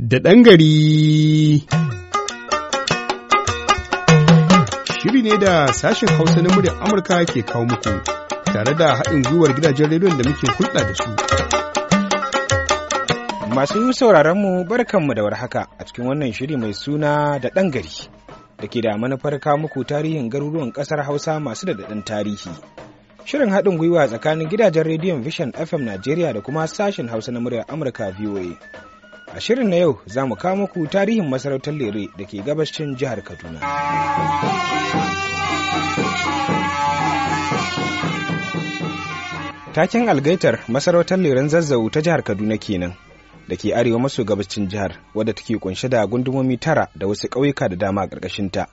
da ɗan gari. Shiri ne da sashen Hausa na muryar Amurka ke kawo muku tare da haɗin gwiwar gidajen rediyon da muke hulɗa da su. Masu sauraronmu barkanmu da warhaka a cikin wannan shiri mai suna da ɗan gari da ke da manufar kawo muku tarihin garuruwan ƙasar Hausa masu da daɗin tarihi. Shirin haɗin gwiwa tsakanin gidajen rediyon Vision FM Najeriya da kuma sashen Hausa na muryar Amurka VOA. A shirin na yau za mu kawo muku tarihin masarautar lere da ke gabashin jihar Kaduna. Taken algaitar masarautar leren zazzau ta jihar Kaduna kenan da ke arewa maso gabashin jihar wadda take kunshe da gundumomi tara da wasu ƙauyuka da dama a ƙarƙashinta.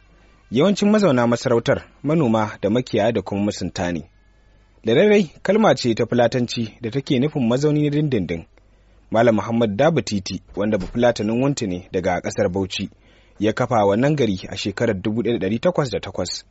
Yawancin mazauna masarautar manoma da makiyaya da kuma masunta ne. Lararai kalma ce ta fulatanci da take nufin mazauni na dindindin. Malam Muhammad Daba Titi wanda bafulatanin wunti ne daga kasar Bauchi ya kafa wannan gari a shekarar 1808.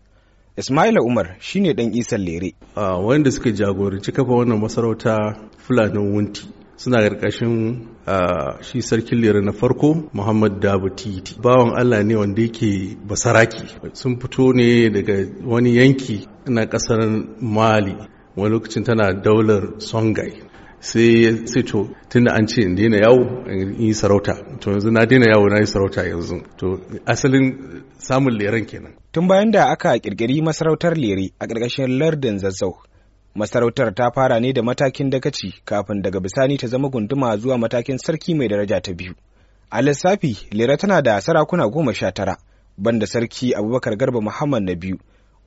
Ismaila Umar shine dan Isan Lere. a wanda suka jagoranci kafa wannan masarauta Fulanin Wunti suna ƙarƙashin uh, shi sarkin lera na farko muhammad dabu titi bawan allah ne wanda yake basaraki sun fito ne daga wani yanki na ƙasar mali wani lokacin tana daular songai sai ya ce to tunda an ce in daina yawo in yi sarauta to yanzu na daina yawo na yi sarauta yanzu to asalin samun leren kenan tun bayan da aka kirkiri masarautar lere a ƙarƙashin lardin zazzau masarautar ta fara ne da matakin dagaci kafin daga bisani ta zama gunduma zuwa matakin sarki mai daraja ta biyu a lissafi lera tana da sarakuna goma sha tara banda sarki abubakar garba muhammad na biyu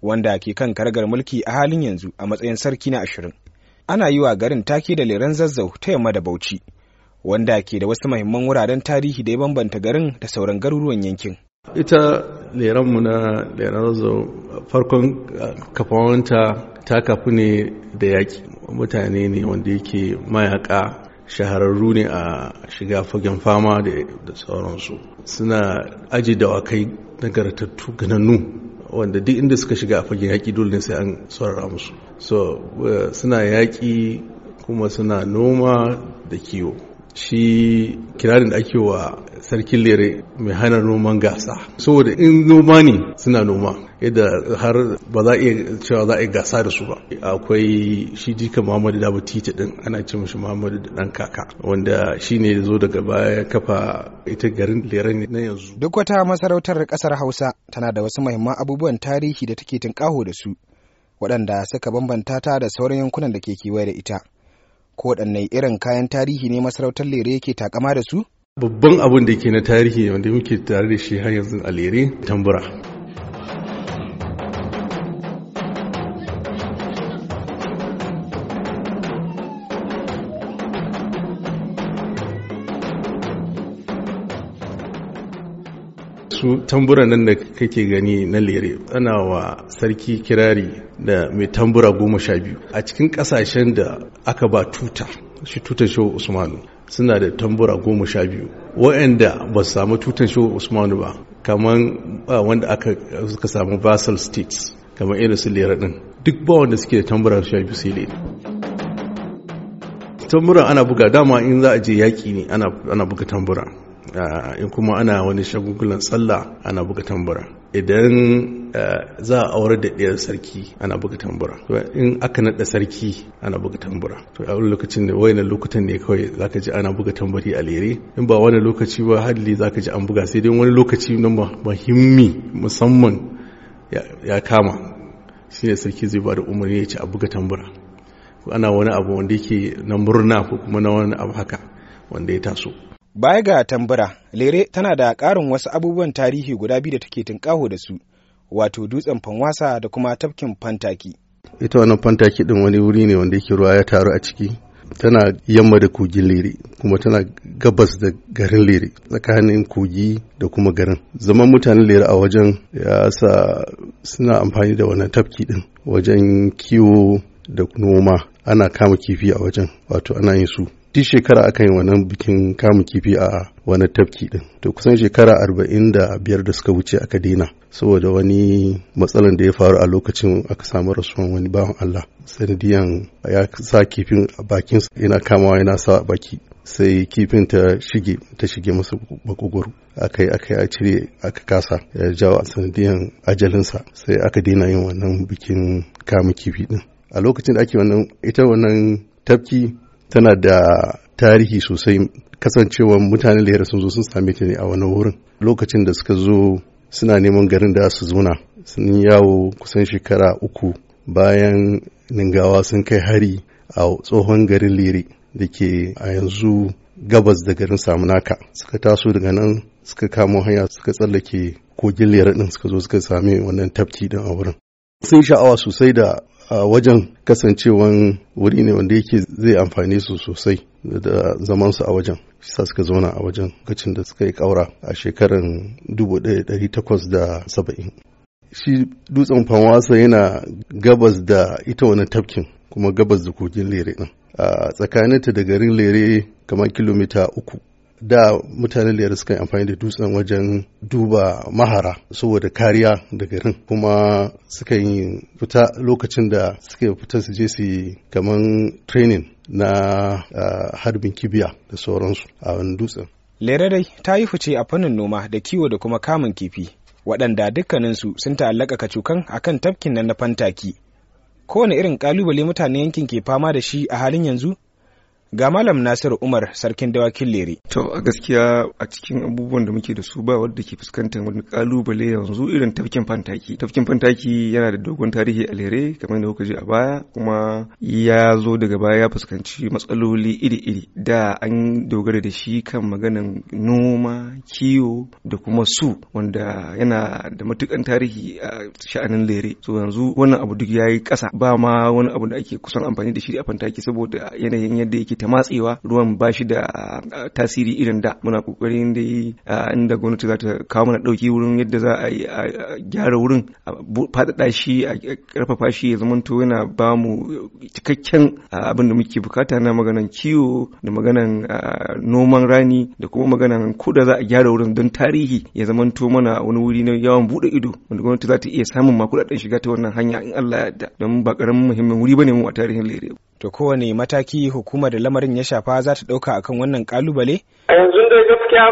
wanda ke kan karagar mulki a halin yanzu a matsayin sarki na ashirin ana yi wa garin taki da leren zazzau ta yamma da bauchi wanda ke da wasu mahimman wuraren tarihi da ya bambanta garin da sauran garuruwan yankin ita leranmu na leren zazzau farkon uh, kafawanta ta kafu ne da yaƙi mutane ne wanda yake mayaka shahararru ne a shiga fagen fama da sauransu suna aji dawakai garatattu ganannu wanda duk inda suka shiga a fagen yaƙi dole ne sai an saurara musu so uh, suna yaƙi kuma suna noma da kiwo shi kirarin da ake wa sarkin lere mai hana noman gasa saboda in noma ne suna noma yadda har ba za a iya cewa za a yi gasa da su ba akwai shi jika muhammadu dabu ta din ana ce mashi muhammadu da dan kaka wanda shi ne zo daga baya kafa ita garin lere na yanzu duk wata masarautar kasar hausa tana da wasu mahimman abubuwan tarihi da take tunkaho da su waɗanda suka bambanta ta da sauran yankunan da ke kewaye da ita ko waɗanne irin kayan tarihi ne masarautar lere yake takama da su babban abin da ke na tarihi wanda muke tare da shi har yanzu a lere tambura su tambura nan da kake gani na lere ana wa sarki kirari da mai tambura goma sha biyu a cikin kasashen da aka ba tuta shi tutar shehu usmanu suna da tambura goma sha biyu wa'anda ba su samu tutar shehu usmanu ba kamar wanda aka suka samu basal states kamar irin su lera din duk ba wanda suke da tambura sha biyu sai lere tambura ana buga dama in za a je yaƙi ne ana buga tambura Ah, in kuma ana wani shagugulan sallah ana buga tambura idan ah, za a aurar da ɗiyar sarki ana buga tambura in aka naɗa sarki ana buga tambura to a wani lokacin da wani lokutan ne kawai zaka ji ana buga tambari a lere in ba wani lokaci ba hadli zaka ji an buga sai dai wani lokaci na mahimmi, musamman ya kama shi ne sarki zai ba da umarni ya ci a buga tambura ana wani abu wanda yake na murna ko kuma na wani abu haka wanda ya taso Baya ga tambura, lere tana da ƙarin wasu abubuwan tarihi guda biyu da take tunƙaho da su, wato dutsen fanwasa da kuma tafkin fantaki. Ita wannan fantaki ɗin wani wuri ne wanda yake ruwa ya taru a ciki. Tana yamma da kogin lere, kuma tana gabas da garin lere, tsakanin kogi da kuma garin. Zaman mutanen lere a wajen ya sa suna amfani da wannan tafki ɗin wajen kiwo da noma ana kama kifi a wajen wato ana yin su duk shekara aka yi wannan bikin kamun kifi a wani tafki din to kusan shekara arba'in da biyar da suka wuce aka daina saboda wani matsalan da ya faru a lokacin aka samu rasuwan wani bawan Allah sanadiyan ya sa kifin a bakin yana kamawa yana sa a baki sai kifin ta shige ta shige masa bakogoro aka yi aka a cire aka kasa ya jawo sanadiyan ajalinsa sai aka daina yin wannan bikin kamun kifi din a lokacin da ake wannan ita wannan tafki tana da tarihi sosai kasancewar mutanen lahira sun zo sun same ta ne a wani wurin lokacin da suka zo suna neman garin da su zuna sun yawo kusan shekara uku bayan ningawa sun kai hari a tsohon garin lere da ke a yanzu gabas da garin samunaka suka taso daga nan suka kamo hanya suka tsallake kogin lera din suka zo suka same wannan tafki din a wurin sun sha'awa sosai da a wajen kasancewan wuri ne wanda yake zai amfani su sosai da su a wajen sa suka zauna a wajen lokacin da suka yi kaura a shekarar 1870 shi dutsen fanwasa yana gabas da ita wani tafkin kuma gabas da kogin lere din a tsakaninta da garin lere kamar kilomita uku da mutanen da suka yi amfani da dutsen wajen duba mahara saboda kariya da garin kuma suka yi fita lokacin da suka fita su je su yi kaman training na harbin kibiya da sauransu a wani dutsen. dai ta yi fice a fannin noma da kiwo da kuma kamun kifi waɗanda dukkaninsu sun ta'allaka kacukan a kan tafkin nan na fantaki kowane irin ƙalubale mutane yankin ke fama da shi a halin yanzu ga malam nasir umar sarkin dawakin lere to a gaskiya a cikin abubuwan da muke da su ba wadda ke fuskantar wani kalubale yanzu irin tafkin fantaki tafkin fantaki yana da dogon tarihi a lere kamar da kuka ji a baya kuma ya zo daga baya ya fuskanci matsaloli iri-iri da an dogara da shi kan maganan noma kiwo da kuma su wanda yana da matukan tarihi a sha'anin lere so yanzu wannan abu duk ya yi ƙasa ba ma wani abu da ake kusan amfani da shi a fantaki saboda yanayin yadda yake ta matsewa ruwan ba shi da tasiri irin da muna kokarin da inda gwamnati za ta kawo mana dauki wurin yadda za a gyara wurin a fadada shi a karfafa shi ya zamanto yana ba mu cikakken abin da muke bukata na maganan kiwo da maganan noman rani da kuma maganan ko za a gyara wurin don tarihi ya zamanto mana wani wuri na yawan buɗe ido wanda gwamnati za ta iya samun ma shiga ta wannan hanya in Allah ya yarda don ba ƙaramin muhimmin wuri bane mu a tarihin Lere. To kowane mataki hukumar da lamarin ya shafa za ta ɗauka akan wannan kalubale? A yanzu dai gaskiya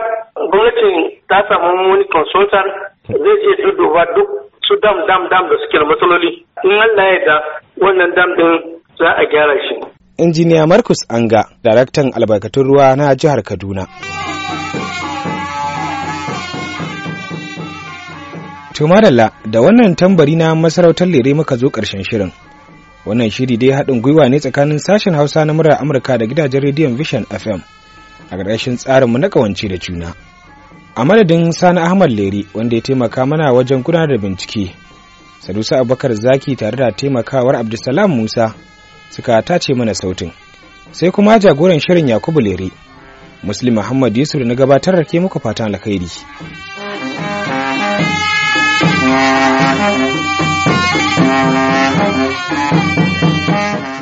gwamnatin ta samu wani consultant zai je duduwa duk su dam dam dam da suke da matsaloli. In Allah ya da wannan dam din za a gyara shi. Injiniya Markus Anga, daraktan albarkatun ruwa na jihar Kaduna. To da wannan tambari na masarautar lere muka zo ƙarshen shirin. wannan shiri dai haɗin gwiwa ne tsakanin sashen hausa na murar amurka da gidajen rediyon vision fm a ƙarƙashin tsarinmu na ƙawance da juna a madadin sani ahmad Leri, wanda ya taimaka mana wajen gudanar da bincike sadusa abubakar zaki tare da taimakawar abdulsalam musa suka tace mana sautin sai kuma jagoran shirin yakubu Leri, muslim muhammad yusuf na gabatar ke muku fatan alkhairi Thank you.